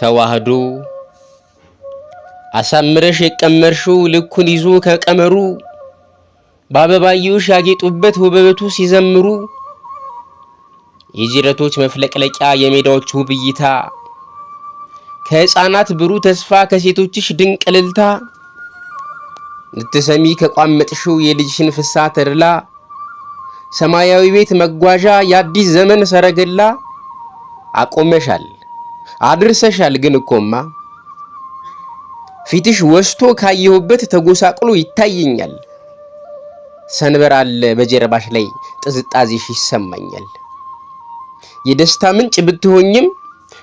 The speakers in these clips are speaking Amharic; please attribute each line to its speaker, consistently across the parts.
Speaker 1: ተዋህዶ አሳምረሽ የቀመርሽው ልኩን ይዞ ከቀመሩ በአበባየውሽ ያጌጡበት ውበቱ ሲዘምሩ የጅረቶች መፍለቅለቂያ የሜዳዎች ውብ እይታ ከሕፃናት ብሩህ ተስፋ ከሴቶችሽ ድንቅ እልልታ ልትሰሚ ከቋመጥሽው የልጅሽን ፍሳ ተድላ ሰማያዊ ቤት መጓዣ የአዲስ ዘመን ሰረገላ አቆመሻል። አድርሰሻል ግን እኮማ ፊትሽ ወስቶ ካየሁበት ተጎሳቅሎ ይታየኛል። ሰንበር አለ በጀርባሽ ላይ ጥዝጣዜሽ ይሰማኛል። የደስታ ምንጭ ብትሆኝም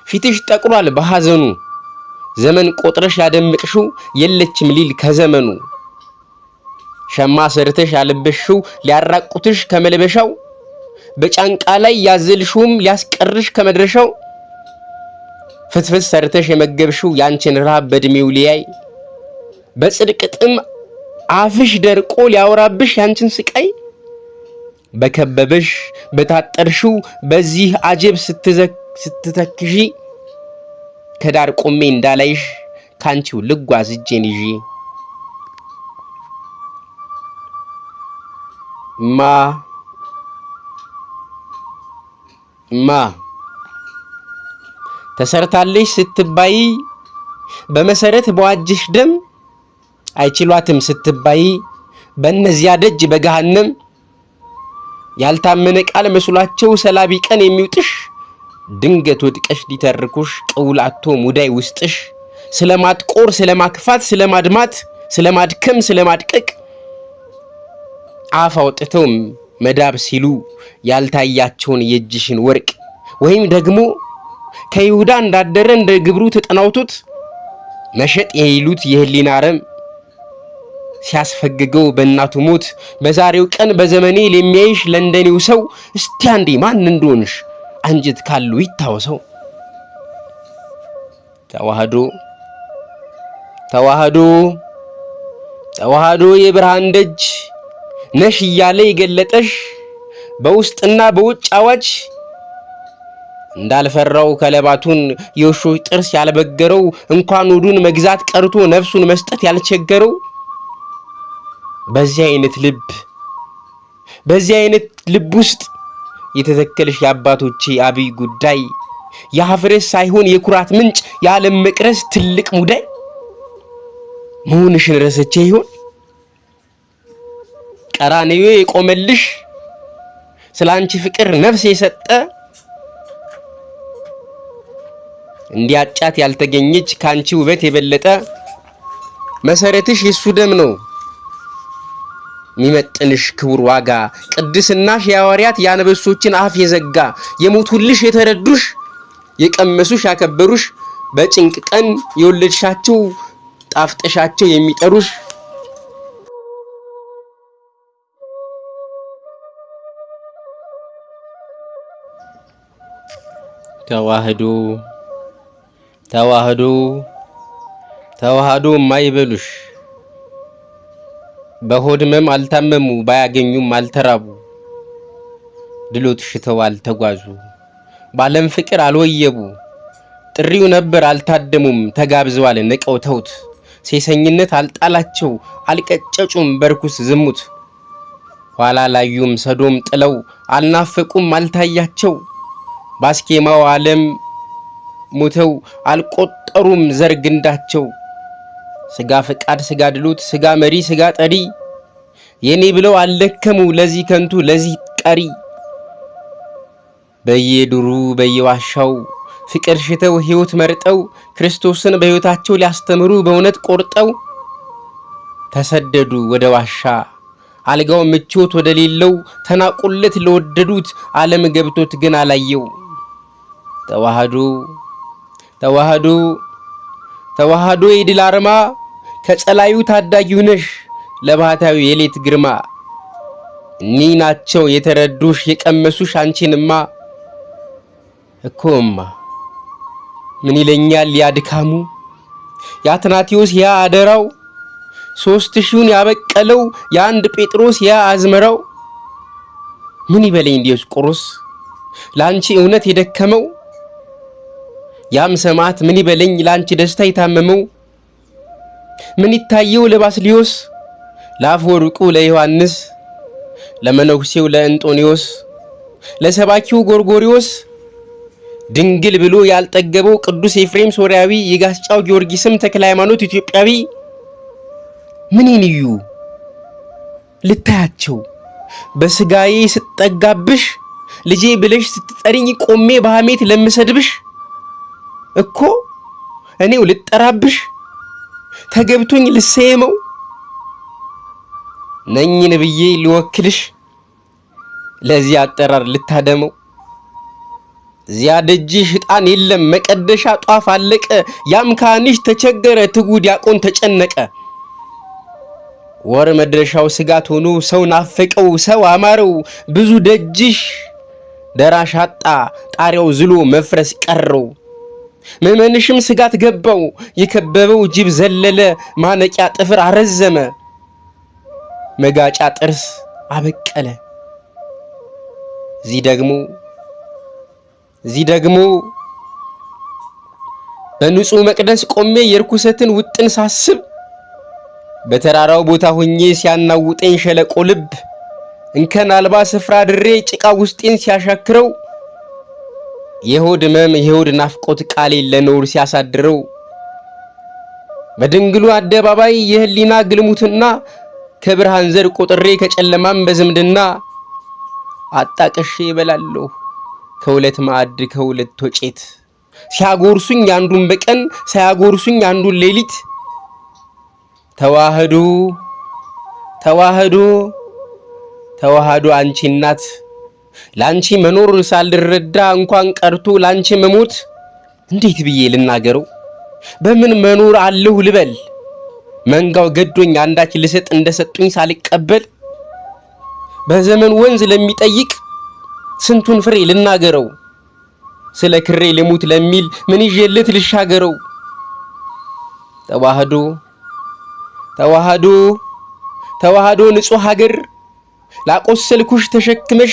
Speaker 1: ፊትሽ ጠቅሏል በሐዘኑ ዘመን ቆጥረሽ ያደምቅሽው የለችም ሊል ከዘመኑ ሸማ ሰርተሽ ያለበሽው ሊያራቁትሽ ከመልበሻው በጫንቃ ላይ ያዘልሽውም ሊያስቀርሽ ከመድረሻው ፍትፍት ሰርተሽ የመገብሽው ያንቺን ረሃብ በእድሜው ሊያይ በጽድቅ ጥም አፍሽ ደርቆ ሊያወራብሽ ያንቺን ስቃይ በከበበሽ በታጠርሽው በዚህ አጀብ ስትተክሺ ከዳር ቆሜ እንዳላይሽ ካንቺው ልጓዝ እጄን ይዤ ማ ማ ተሰርታለሽ ስትባይ በመሰረት በዋጅሽ ደም አይችሏትም ስትባይ በእነዚያ ደጅ በገሃነም ያልታመነ ቃል መስሏቸው ሰላቢ ቀን የሚውጥሽ ድንገት ወድቀሽ ሊተርኩሽ ቀውላቶ አቶ ሙዳይ ውስጥሽ ስለማጥቆር ስለማክፋት ስለማድማት ስለማድከም ስለማድቀቅ አፍ አውጥተው መዳብ ሲሉ ያልታያቸውን የእጅሽን ወርቅ ወይም ደግሞ ከይሁዳ እንዳደረ እንደ ግብሩ ተጠናውቶት መሸጥ የይሉት የህሊና አረም ሲያስፈግገው በእናቱ ሞት በዛሬው ቀን በዘመኔ ለሚያይሽ ለእንደኔው ሰው እስቲ አንዴ ማን እንደሆንሽ አንጀት ካሉ ይታወሰው። ተዋህዶ ተዋህዶ ተዋህዶ የብርሃን ደጅ ነሽ እያለ የገለጠሽ በውስጥና በውጭ አዋጅ እንዳልፈራው ከለባቱን የውሾች ጥርስ ያልበገረው እንኳን ውዱን መግዛት ቀርቶ ነፍሱን መስጠት ያልቸገረው በዚህ አይነት ልብ በዚህ አይነት ልብ ውስጥ የተተከለሽ የአባቶቼ አብይ ጉዳይ የአፍረስ ሳይሆን የኩራት ምንጭ የዓለም መቅረስ ትልቅ ሙዳይ መሆንሽን ረሰቼ ይሆን ቀራንዮ የቆመልሽ ስለ አንቺ ፍቅር ነፍስ የሰጠ እንዲያጫት ያልተገኘች ካንቺ ውበት የበለጠ መሰረትሽ የሱ ደም ነው ሚመጥንሽ ክቡር ዋጋ ቅድስናሽ የሐዋርያት የአንበሶችን አፍ የዘጋ የሞቱልሽ የተረዱሽ የቀመሱሽ ያከበሩሽ በጭንቅ ቀን የወለድሻቸው ጣፍጠሻቸው የሚጠሩሽ ተዋህዶ ተዋህዶ ተዋህዶ ማይበሉሽ በሆድመም አልታመሙ ባያገኙም አልተራቡ ድሎት ሽተው አልተጓዙ ባለም ፍቅር አልወየቡ ጥሪው ነበር አልታደሙም ተጋብዘዋል ንቀው ተውት ሴሰኝነት አልጣላቸው አልቀጨጩም በርኩስ ዝሙት ኋላ ላዩም ሰዶም ጥለው አልናፈቁም አልታያቸው ባስኬማው ዓለም ሙተው አልቆጠሩም ዘር ግንዳቸው። ስጋ ፈቃድ ስጋ ድሎት ስጋ መሪ ስጋ ጠሪ የኔ ብለው አልደከሙ ለዚህ ከንቱ ለዚህ ቀሪ በየዱሩ በየዋሻው ፍቅር ሽተው ሕይወት መርጠው ክርስቶስን በሕይወታቸው ሊያስተምሩ በእውነት ቆርጠው ተሰደዱ ወደ ዋሻ አልጋው ምቾት ወደ ሌለው ተናቁለት ለወደዱት ዓለም ገብቶት ግን አላየው ተዋህዶ ተዋህዶ ተዋህዶ የድል አርማ ከጸላዩ ታዳጊው ነሽ ለባህታዊ የሌት ግርማ እኒ ናቸው የተረዱሽ የቀመሱሽ አንቺንማ እኮማ ምን ይለኛል ያድካሙ ድካሙ ያ ያ አደራው ሶስት ሺውን ያበቀለው የአንድ ጴጥሮስ ያ አዝመራው ምን ይበለኝ ዲዮስቆሮስ ለአንቺ እውነት የደከመው ያም ሰማዕት ምን ይበለኝ ለአንቺ ደስታ የታመመው ምን ይታየው ለባስሊዮስ፣ ለአፈወርቁ ለዮሐንስ ለመነኩሴው ለእንጦኒዮስ ለሰባኪው ጎርጎሪዎስ ድንግል ብሎ ያልጠገበው ቅዱስ ኤፍሬም ሶሪያዊ የጋስጫው ጊዮርጊስም ተክለ ሃይማኖት ኢትዮጵያዊ ምኔን እዩ ልታያቸው በስጋዬ ስትጠጋብሽ ልጄ ብለሽ ስትጠሪኝ ቆሜ በሐሜት ለምሰድብሽ እኮ እኔው ልጠራብሽ ተገብቶኝ ልሰየመው ነኝን ብዬ ሊወክልሽ! ለዚህ አጠራር ልታደመው ዚያ ደጅሽ ዕጣን የለም መቀደሻ ጧፍ አለቀ። ያም ካህንሽ ተቸገረ ትጉ ዲያቆን ተጨነቀ። ወር መድረሻው ስጋት ሆኖ ሰው ናፈቀው ሰው አማረው ብዙ ደጅሽ ደራሽ አጣ ጣሪያው ዝሎ መፍረስ ቀረው። መመንሽም ስጋት ገባው። የከበበው ጅብ ዘለለ፣ ማነቂያ ጥፍር አረዘመ፣ መጋጫ ጥርስ አበቀለ። እዚህ ደግሞ እዚህ ደግሞ በንጹሕ መቅደስ ቆሜ የርኩሰትን ውጥን ሳስብ በተራራው ቦታ ሆኜ ሲያናውጠኝ ሸለቆ ልብ እንከን አልባ ስፍራ ድሬ ጭቃ ውስጤን ሲያሻክረው የሆድ ህመም የሆድ ናፍቆት ቃሌን ለኖር ሲያሳድረው በድንግሉ አደባባይ የህሊና ግልሙትና ከብርሃን ዘር ቆጥሬ ከጨለማም በዝምድና አጣቅሼ ይበላለሁ። ከሁለት ማዕድ ከሁለት ወጬት ሲያጎርሱኝ አንዱን በቀን ሳያጎርሱኝ አንዱን ሌሊት ተዋህዶ ተዋህዶ ተዋህዶ አንቺ እናት ላንቺ መኖር ሳልረዳ እንኳን ቀርቶ ላንቺ መሞት እንዴት ብዬ ልናገረው? በምን መኖር አለሁ ልበል? መንጋው ገዶኝ አንዳች ልሰጥ እንደሰጡኝ ሳልቀበል በዘመን ወንዝ ለሚጠይቅ ስንቱን ፍሬ ልናገረው? ስለ ክሬ ልሙት ለሚል ምን ይዤለት ልሻገረው? ተዋህዶ ተዋህዶ ተዋህዶ ንጹህ ሀገር ላቆሰልኩሽ ተሸክመሽ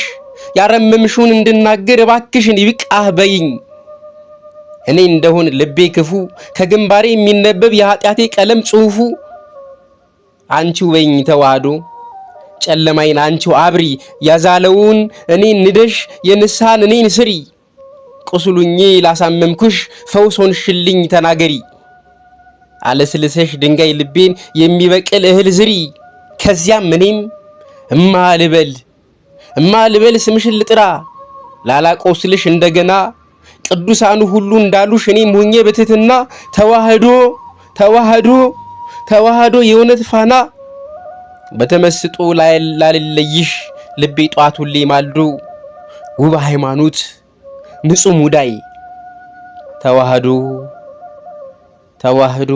Speaker 1: ያረመምሽውን እንድናገር እባክሽን ይብቃህ በይኝ። እኔ እንደሆን ልቤ ክፉ ከግንባሬ የሚነበብ የኃጢአቴ ቀለም ጽሑፉ አንቺው በይኝ ተዋህዶ ጨለማይን አንቺው አብሪ ያዛለውን እኔ ንደሽ የንስሐን እኔን ስሪ ቁስሉኜ ላሳመምኩሽ ፈውሶን ሽልኝ ተናገሪ አለስልሰሽ ድንጋይ ልቤን የሚበቅል እህል ዝሪ ከዚያም እኔም እማልበል እማ ልበል ስምሽን ልጥራ ላላቆስልሽ እንደገና ቅዱሳኑ ሁሉ እንዳሉሽ እኔም ሆኜ በትህትና ተዋህዶ ተዋህዶ ተዋህዶ የእውነት ፋና በተመስጦ ላልለይሽ ልቤ ጧት ሁሌ ማልዶ ውብ ሃይማኖት ንጹህ ሙዳይ ተዋህዶ ተዋህዶ